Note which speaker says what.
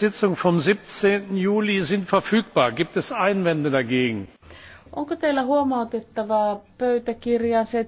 Speaker 1: sitzung vom. siebzehn juli sind verfügbar. gibt es einwände dagegen?
Speaker 2: onko teillä huomautettavaa pöytäkirjaan?